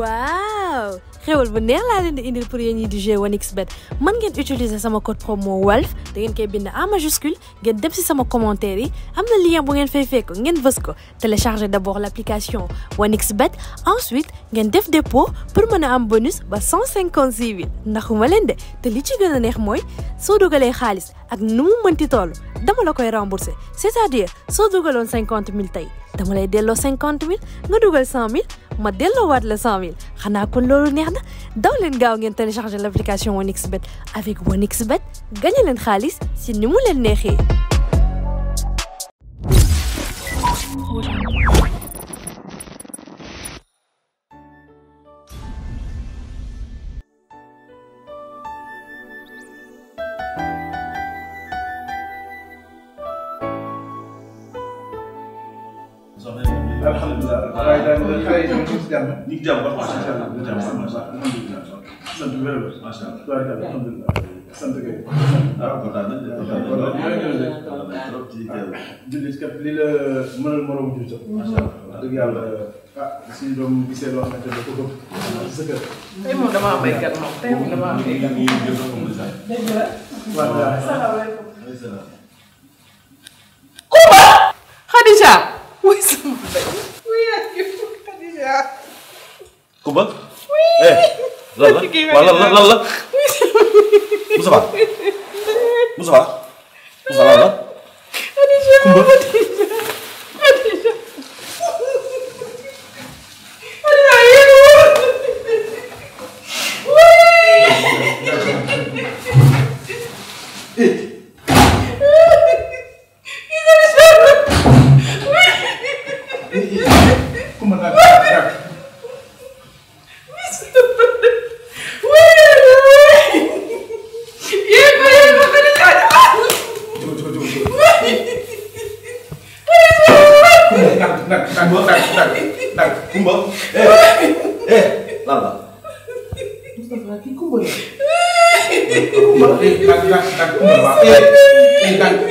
waaw xewal bu neex laa leen di indil pour yéen ñi di jouer 1xbet mën ngeen utiliser sama code promo WALF da ngeen koy bind en majuscule ngeen dem si sama commentaire yi am na lien bu ngeen fay fekk ngeen bës ko télécharger d'abord l'application 1xbet ensuite ngeen def dépôt pour mën a am bonus ba 156 000 ndaxuma leen de te li ci gën a neex mooy soo dugalee xaalis ak nu mu mënti toll dama la koy rembourser c'est-à-dire soo dugaloon 50 000 tey dama lay delloo cinquante mille nga dugal cent mille ma delloowaat la cent mille xanaa kon loolu neex na daw leen gaaw ngeen télécharger l' application OneXBet avec OneXBet gagné leen xaalis si ni mu leen neexee. alhamdulilah waaye daal xale yi ñu ngi si jàmm. ñu ngi jàmm ba macha allah ñu ngi jàmm ba macha allah sant bu wér macha allah alhamdulilah sant kay. ah kontaan nañ de. Ah, li la mënal moroom ju sax. macha allah dëgg yàlla ah suñu doom gisee loo xamante ne ko sa kër. tey moom damaa am ay gan moom tey moom damaa am ay gan. dëgg la. waaw salaamaaleykum. Kumba Khadija. Oui, sama ndey. oui Khadija. Kumba. oui. lan la waaw lan lan la. Moussa Moussa Moussa lan la. Khadija Kumba.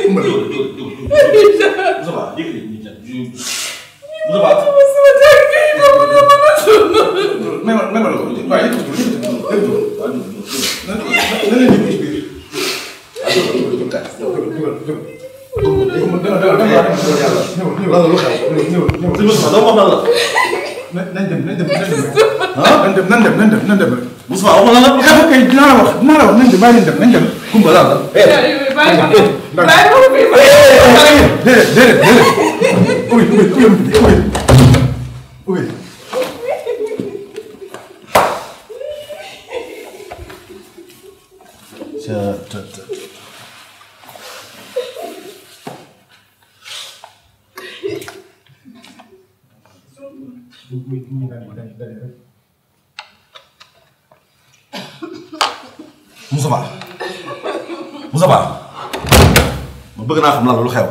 dimbali jóg jóg jóg Moustapha jégalu ñu jàpp Moustapha. mais man man man ko waaye yëpp jóg jóg jóg Moustapha waxuma la la. kay dinaa la wax dinaa la wax nañ dem bàyyi leen dem nañ dem. Kumba la la. Moussa Ba Moussa Ba bëgg naa xam lan lu xew.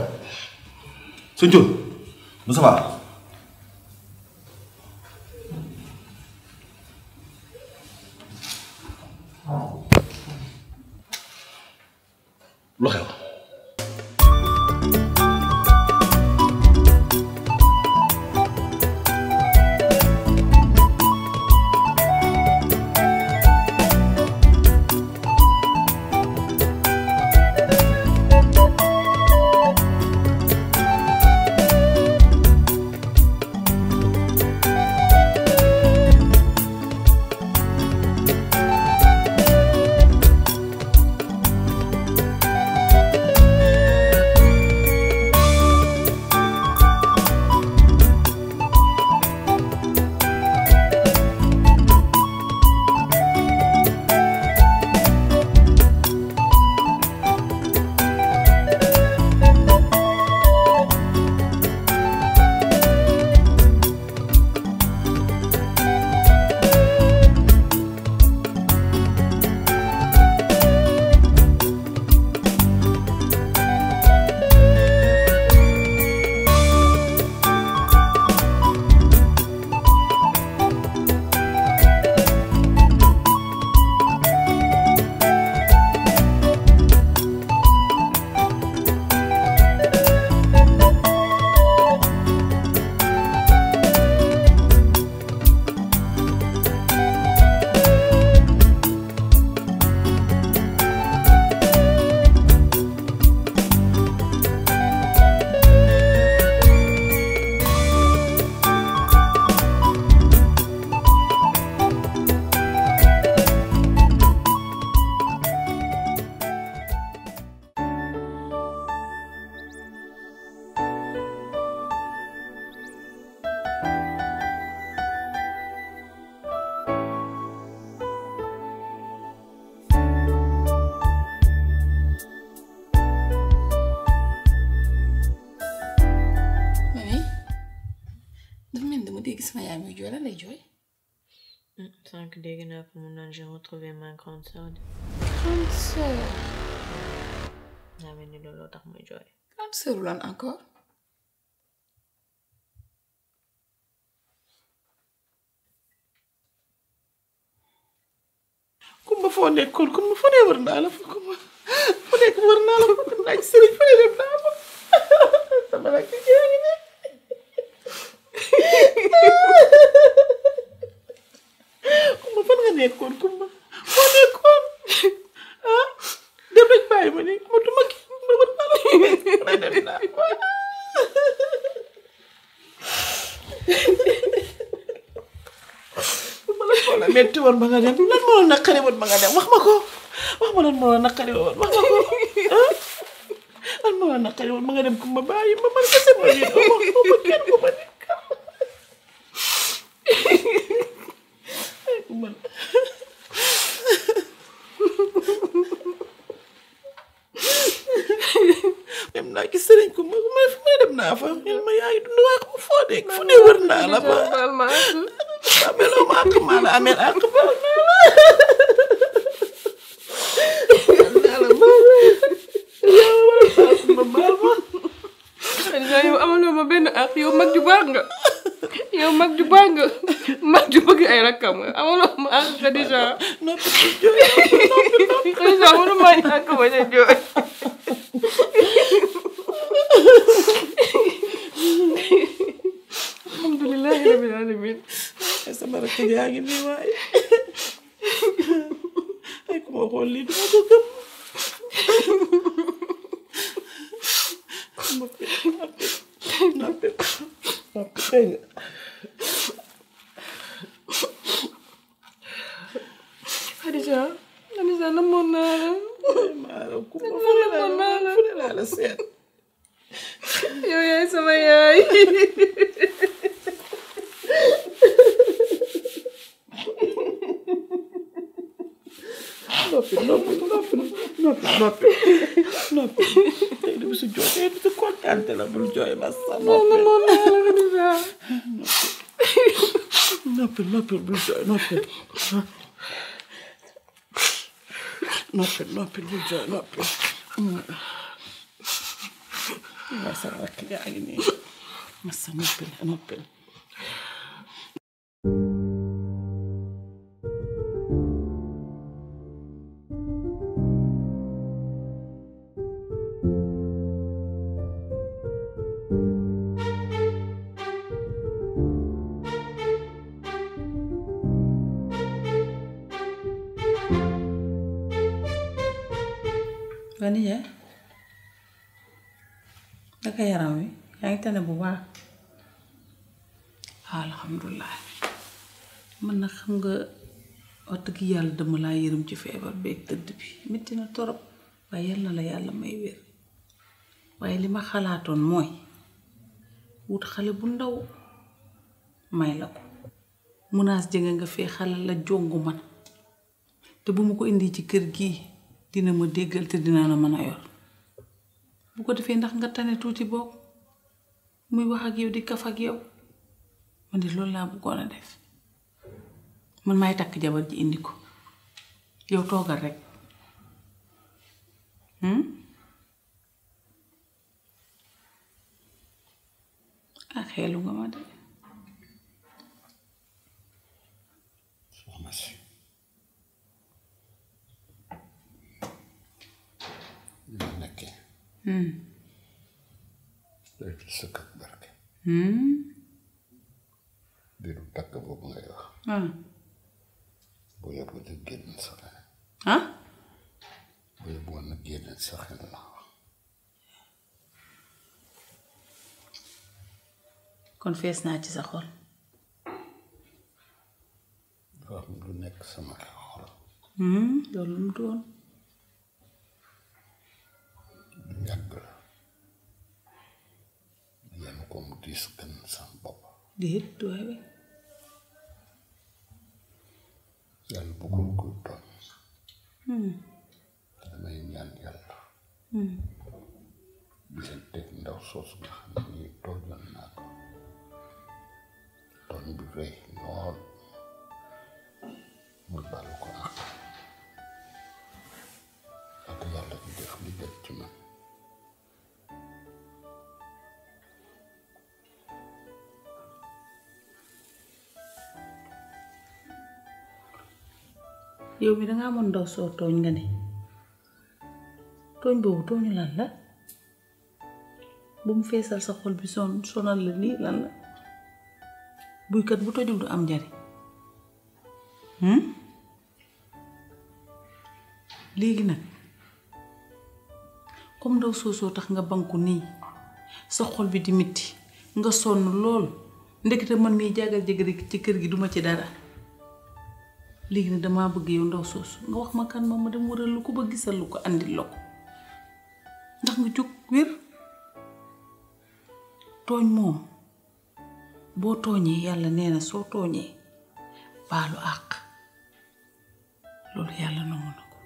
suñ tur Moustapha sama yaay muy jooy lan lay jooy. Hmm, sànq dégg naa ko mu naan j'ai retrouvé ma grande sœur. grande sœur. daa mel ni looloo tax muy jooy. grande sœur lan encore. kumba foo nekkoon kumba foo nee wër naa la fa kumba foo nekk wër naa la fa kumba ak sëriñ foo nee dem naa fa sama nag jigéen ñi kumba fan nga nekkoon kumba foo nekkoon ah dem rek bàyyi ma ni ma duma kii ma duma duma dem naa la metti woon ba nga dem lan moo la naqari woon ba nga dem wax ma ko wax ma lan moo la naqari woon wax ma ko ah lan moo la naqari woon ba nga dem kumba bàyyi ma man kese ma yéen ma ma kenn ko ma ne naa fa ñun ma yaa ngi dund waaye ko foo nekk fu ne wër naa la ba ma meloo ma àq maa la amee àq bal naa la naa la yow a baal ma baal ma naa mag ju nga yow mag ju nga mag ju bëgg ay rakkam nga amaloo ma àq nga déjà noppi noppi noppi noppi noppi noppi noppi noppi noppi noppi noppi noppi noppi noppi tey de bisu jooy tey bisu kontaante la bul jooy ba sa noppi noppi noppi bul jooy noppi noppi noppi bul jooy noppi sa rakk yaa ngi nii sa noppi noppi nijaay naka yaram wi yaa ngi tane bu baax ah, alhamdulilah man na xam nga wax dëgg yàlla dama laa yërëm ci feebar beeg tëdd bi metti na torop waaye yàlla la yàlla may wér waaye li ma xalaatoon mooy wut xale bu ndaw may la ko munaas jënga nga fi xale la jongu man te bu ma ko indi ci kër gii dina ma déggal te dina la mën a yor bu ko defee ndax nga tane tuuti boog muy wax ak yow di kaf ak yow man di loolu laa bëggoon a def man maay takk jabar ji indi ko yow toogal rek hmm? ak ah, xelu nga ma de sakk ak barke biiru takk boobu ngay wax bu yóbbu na génn sa xel bu yóbbu na génn sa xel kon fees naa ci sa xol loolu lu mu doon yàgg la yenn comme diis gën sama bopp déet waaye yàlla bëggul ko tooñ hmm. damay hmm. naa ko tooñ bi rëy lool mu balu ko ak yàlla di def li jot ci man yow mi dangaa mën ndaw soo tooñ nga ne tooñ boobu tooñu lan la bu mu feesal sa xol bi son sonal la nii lan la buykat bu tojul du am njariñ léegi nag comme ndaw soosoo tax nga banku nii sa xol bi di mitti nga sonn lool ndekete man mii jàggal jëgg ci kër gi duma ci dara léegi nag damaa bëgg yow ndaw soosu nga wax ma kan ma ma dem wëral lu ko ba gisal lu ko andil la ko ndax nga jóg wér tooñ moom boo tooñee yàlla nee na soo tooñee baalu àq loolu yàlla nangu na ko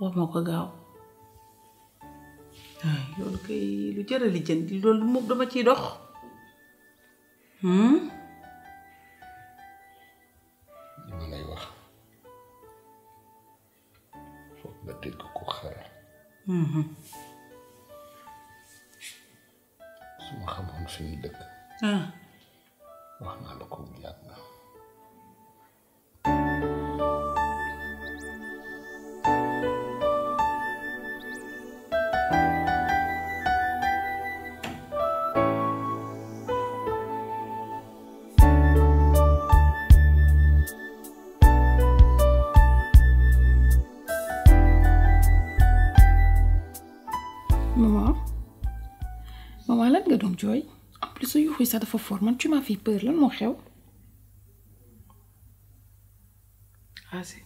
wax ma ko gaaw waaye loolu kay lu jërali loolu moom dama ciy dox hmm? nga dégg ko xara mm-hmm. su ma xamoon fi ñu dëkk ah. wax naa la ko bu na s-a dat formă. Ce m-a fi pârlă? Nu știu. Asi.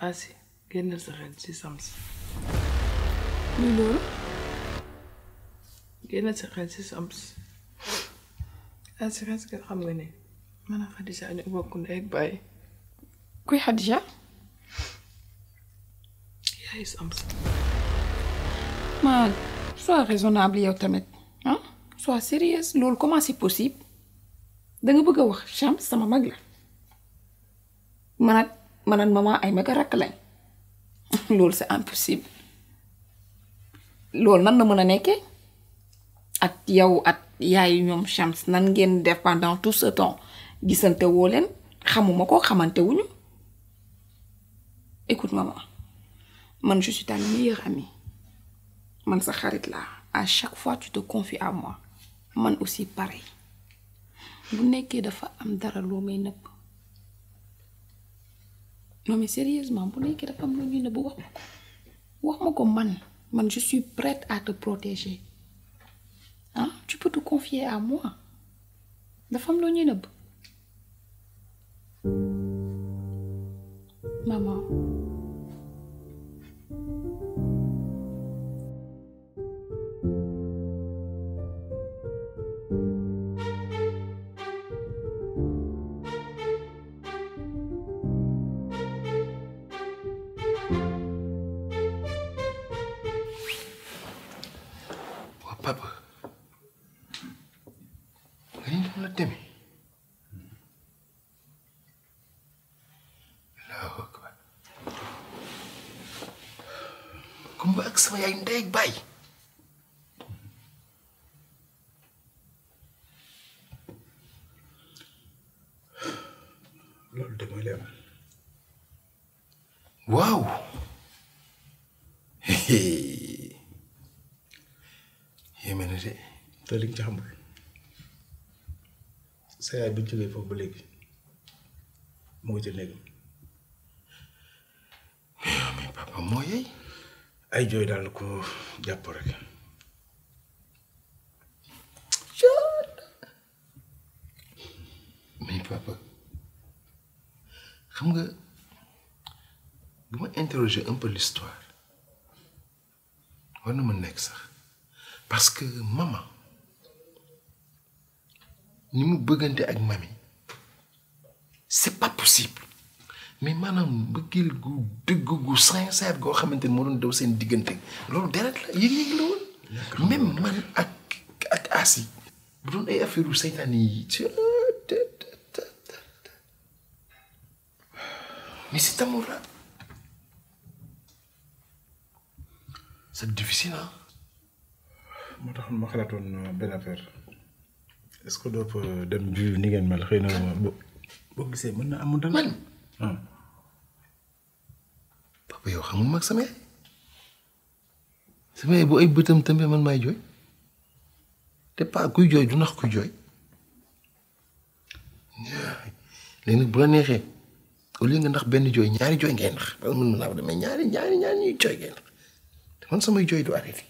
Asi. génnal sa xel ci sams. luy loolu. génnal sa xel ci sams. Asi est-ce que xam nga ne man ak Xadija ñu bokk ndey ak baay. kuy Xadija. yaay e sams. ma sois raisonnable yow tamit. sois sérieuse loolu comment c'est possible da nga bëgg a wax Chams sama mag la man ak man ak maman ay mag a rakk lañ loolu c'est impossible loolu nan la mën a nekkee ak yow ak yaayu ñoom Chams nan ngeen def pendant tout ce temps gisante woo leen xamuma ko xamante wuñu écoute maman man je suis ta meilleure amie man sa xarit laa à chaque fois tu te confies à moi. man aussi pareil bu nekkee dafa am dara loo may nëbb non mais sérieusement bu nekkee dafa am loo ñuy nëbb wax ma ko wax ma ko man man je suis prête à te protéger ah tu confier à moi dafa am loo ñuy nëbb maman comme ak sama yaay ndey baay loolu de mooy leen waaw yéeme na de te nga ci xamul sa yaay bi jógee foofu ba léegi mu ngi ci néegam mais papa moo yey ay jooy daal na ko jàpp rek papa xam nga bu ma interroger un peu l'histoire war na ma nekk sax parce que mama ni mu bëggante ak mami c'est pas possible mais maanaam mbëggeel gu dëgg gu sincère goo xamante ni moo doon daw seen diggante loolu deret la yéeg yéeg la woon même man ak ak asi bu doon ay affaire yu seytaane yi mais cet amour-là c'est difficile ah moo tax ma xalaatoon euh, benn affaire est-ce que euh, dem ju ni ngeen mel xëy na euh, boo gisee mën na amul dal man ah. ba yow xam nga mag sama yaay sama yaay bu ay bëtam tambe man maay jooy te pas kuy jooy du nax kuy jooy léegi bu la neexee au lieu nga ndax benn jooy ñaari jooy ngay ndax mun naa demee ñaari ñaari man samay jooy du arrêté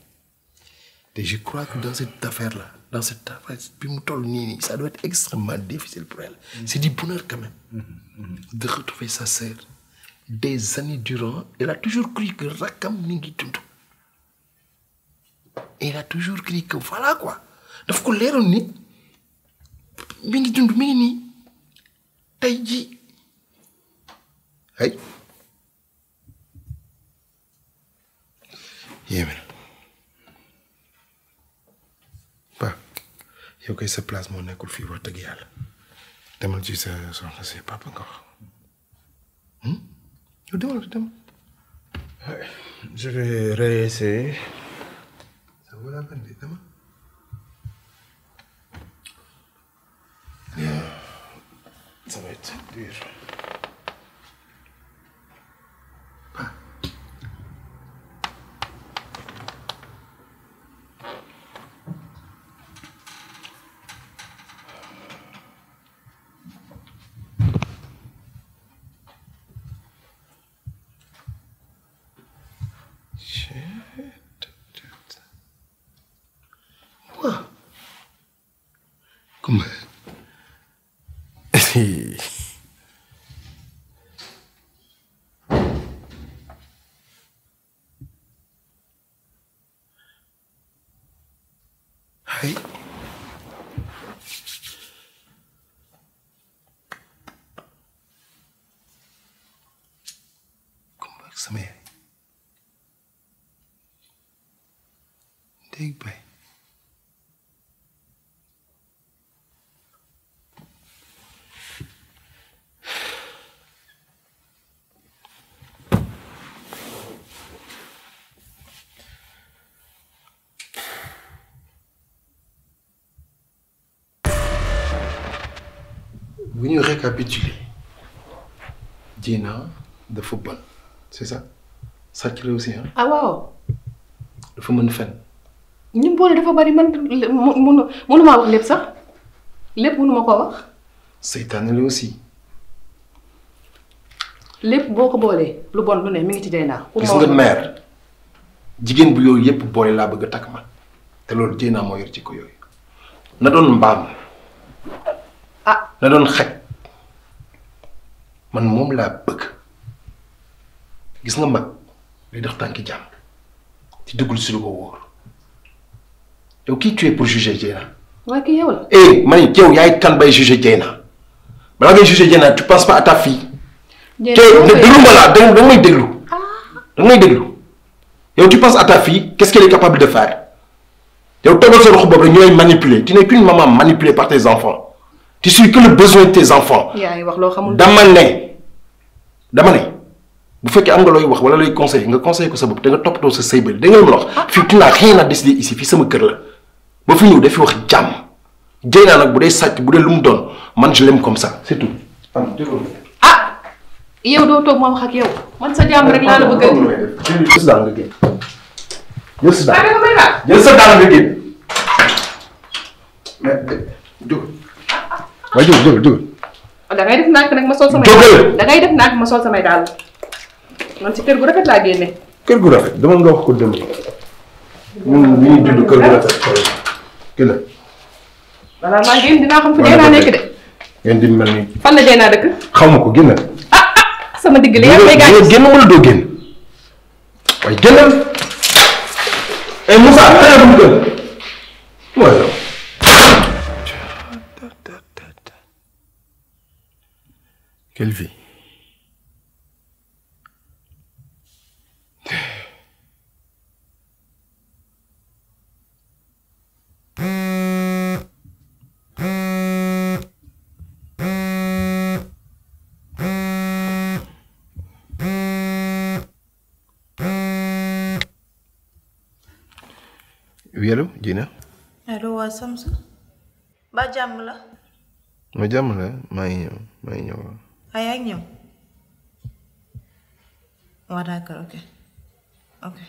te je crois que dans cette affaire la dans cette affaire bi mu toll nii nii sa doit être extrêmement difficile pour c'est du bonheur quand même. Mm-hmm. Mm-hmm. de retrouver sa sœur. des années durant il toujours cru que rakkam mi ngi dund il a toujours cru que voilà quoi daf ko leeroon ni mi ngi dund mi ngi nii tey ji ay yéeme na ba yow koy sa place moo nekkul fii wax dëgg yàlla demal ci sa soxna si papa Demal demal. je vais réessayer. ça vaut la peine de demal. ça va être dur. Sí. bu ñu récapituler Diena dafa bon c'est ça sàcc la aussi ah. ah waaw. dafa mën fen. ñu boole dafa bari man mënu mënumaa wax lépp sax lépp mënuma ko wax. seytaane la aussi. lépp boo ko boolee lu bon lu ne mi ngi ci Diena. gis nga mère jigéen bu yooyu yépp boole laa bëgg a takk man te loolu Diena moo yor ci ko yooyu na doon mbaam. la doon xaj man moom la bëgg gis nga mag lay dox tànki jàmm ci duggul si lu yow kii tu es pour juger Dieyna. waaye kii yow la. eh man yow yaay kan bay juger Dieyna balaa ngay juger Dieyna tu penses pas à ta fille. Dieyna te déglu ma la da nga may déglu. Ah. da nga may déglu yow tu penses à ta fille qu'est-ce qu'elle est capable de faire yow toogal sa rox boobu rek ñu lay tu n'es qu'une maman manipulée par tes enfants. tu suis que le besoin de tes enfants. dama ne dama ne bu fekkee am nga looy wax wala looy conseil nga conseil ko sa bopp te nga toppatoo sa sëy bëri da nga ma wax ah, ah. sama kër la ba fi ñëw dafi wax jàmm bu dee sàcc bu dee lu mu doon man je l'aime comme ça c'est tout. ah yow doo toog ma wax ak yow man sa jàmm rek laa la bëgg a. jël sa sa daal nga génn waa jógal jógal jógal. Oh, da ngay def nag ma sol samay. daal man si kër gu rafet laa génne. kër gu rafet dama nga wax ko dem ñun ñu ngi judd kër gu rafet kii la. voilà maa ngi dinaa xam fu dee naa nekk de. ngeen di mel ni. fan la naa dëkk. xaw ma ko génn. Ah, ah, ah, sama digg li yàlla may gaañ. doo génn wala doo génn waaye génnal. eh Moussa xëy mu gën mooy Quelle vie oui allo Dina. allo ba jàmm ma jàmm la maa ngi ah yaa ngi ñëw waaw oh, d'accord ok ok.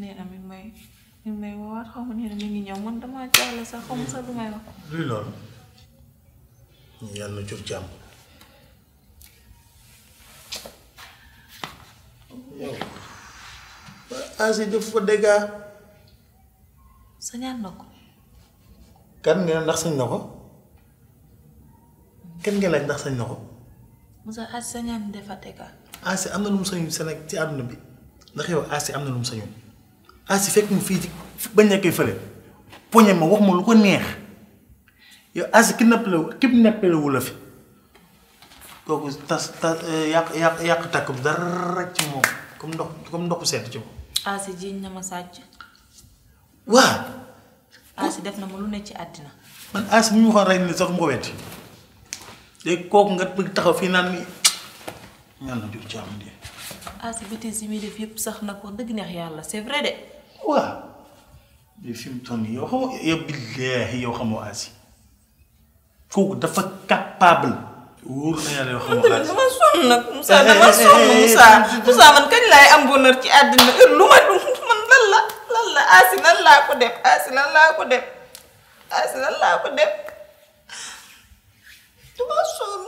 nee na mi may. ñu may woowaat xaw ma ne mi ngi ñëw man damaa jàll sax xaw ma sax lu may wax. luy loolu. yàlla na jur jàmm. yow. Asi def ko dégg na ko. kan nga ndax sañ na ko. kan nga laaj ndax sañ na ko. Moussa Asi sañaan defa dégg. Asi am na lu mu sañu Sénégal ci àdduna bi ndax yow Asi am na lu mu asi ah, fekk mu fii ci ba nekkee fële poñe ma wax ma lu ko neex yow asi ah, kidnap la kidnap la wu la fi kooku eh, yàq yàq yàq takk dara ah, def na ma lu ne ci àddina. man kooku nga bëgg taxaw fii naan ni ñaan na jur ci am asi bêtise yi muy def yëpp sax na ko dëgg neex yàlla c'est de. waaw bi yow xamoo yow yow xamoo asi kooku dafa capable wóor na yàlla yow xamoo asi dama sonn nag Moussa dama sonn eh, eh, eh, Moussa Moussa man ci àddina lu ma lan la lan la asi lan laa ko def asi lan laa ko def asi lan laa ko def dama sonn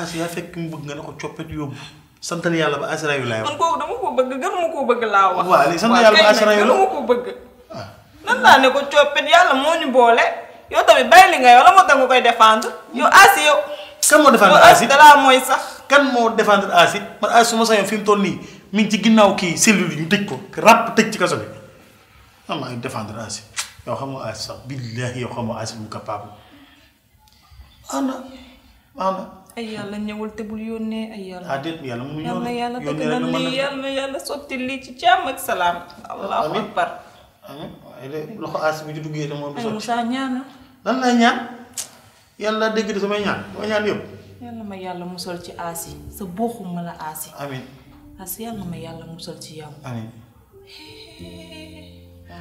asi yaa fekk mu bëgg nga ne ko coppet yóbbu santal yàlla ba asra yu laay wax. man kooku dama ko bëgg gënu ma koo bëgg laa wax. waaw léegi santal yàlla ba asra yu la gënu ma koo bëgg. Ah. nan laa ne ko coppit yàlla moo ñu boole yow tamit bàyyi li nga yow la moo tax nga koy défendre yow Asi yow. kan moo défendre mooy sax. kan moo défendre Asi man Asi suma ma sañoon fi mu toll nii mi ci ginnaaw kii cellule yi ñu tëj ko ràpp tëj ci kaso bi man maa ngi défendre Asi yow xamoo Asi sax billahi yow xamoo Asi mu capable ana ay yàlla ñëwal te bul yónnee ay yàlla. ah déet yàlla mu yónnee yàlla yàlla takk na lii yàlla yàlla sotti ci jàmm ak salaam. allahu akbar amiin waaye loxo aas bi ci duggee de moom. du sotti ñaan lan lay ñaan yàlla dégg di samay ñaan samay ñaan yëpp. yàlla ma yàlla musal ci aas sa booxu ma la aas yi. amiin yàlla ma yàlla musal ci yow.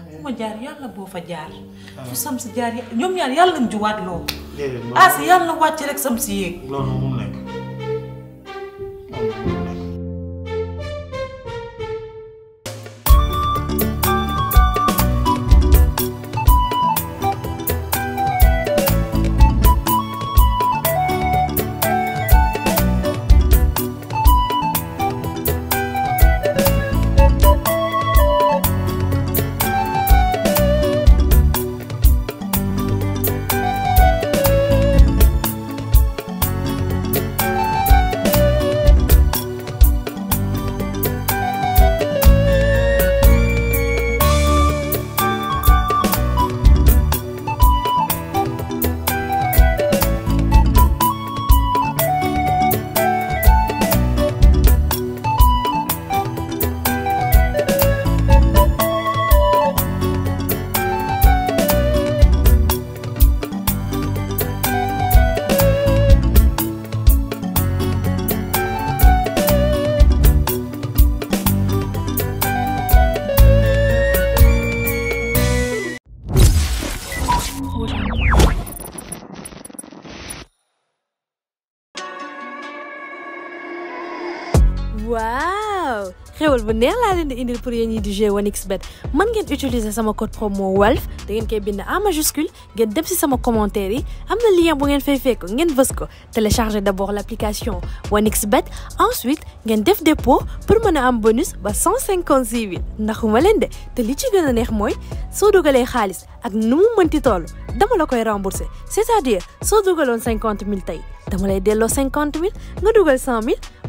fu ma jaar yàlla boo fa jaar. fu sam si jaar ñoom ñaar yàlla nañ loo. déedéet loolu as yàlla wàcc rek sam si yéeg. loolu waaw xewal bu neex laa leen di indil pour yéen ñi di jouer 1xbet mën ngeen utiliser sama code promo WALF da ngeen koy bind en majuscule ngeen dem si sama commentaire yi am na lien bu ngeen fay fekk ngeen bës ko télécharger d' abord l' application 1xbet ensuite ngeen def dépôt pour mën a am bonus ba 156 000 ndaxuma leen de te li ci gën a neex mooy soo dugalee xaalis ak nu mu mënti toll dama la koy rembourser c' est à dire soo dugaloon 50 000 tey dama lay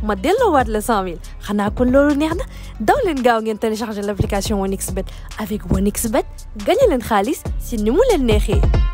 ma delloowaat la 100000 xanaa kon loolu neex na daw leen gaaw ngeen télécharger l' application 1xBet avec 1xBet gagné leen xaalis si ni mu leen neexee.